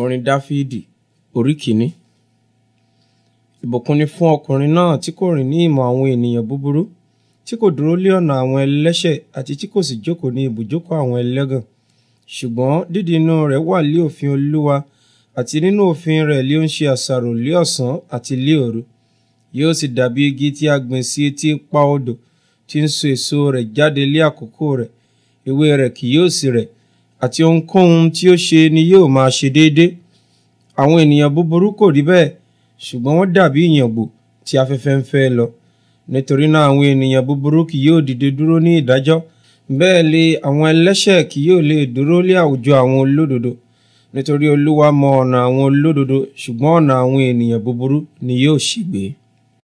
orin dáfídì orí kìíní ìbùkún ni fún ọkùnrin náà tí kò rìn ní ìmọ̀ àwọn ènìyàn búburú tí kò dúró lé ọ̀nà àwọn ẹlẹ́ṣẹ̀ àti tí kò sì jókòó ní ibùjókòó àwọn ẹlẹ́gàn ṣùgbọ́n dídì inú rẹ̀ wà lé òfin olúwa àti nínú òfin rẹ̀ lé ó ń ṣe àṣàrò lé ọ̀sán àti lé òru yóò sì dàbí igi tí a gbìn sí etí pa odò tí ń so èso rẹ̀ jáde lé àkókò rẹ̀ ewé rẹ̀ kì yóò sì rẹ̀ àti ohunkóhun tí ó ṣe ni yóò máa ṣe déédé àwọn ènìyàn búburú kò rí bẹ́ẹ̀ ṣùgbọ́n wọ́n dàbí ìyàngbò tí afẹ́fẹ́ ń fẹ́ lọ nítorí náà àwọn ènìyàn búburú kì yóò dìde dúró ní ìdájọ́ bẹ́ẹ̀ lé àwọn ẹlẹ́ṣẹ̀ kì yóò lè dúró lé àwùjọ àwọn olódodo nítorí olúwa mọ ọ̀nà àwọn olódodo ṣùgbọ́n ọ̀nà àwọn ènìyàn búburú ni yóò ṣìgbé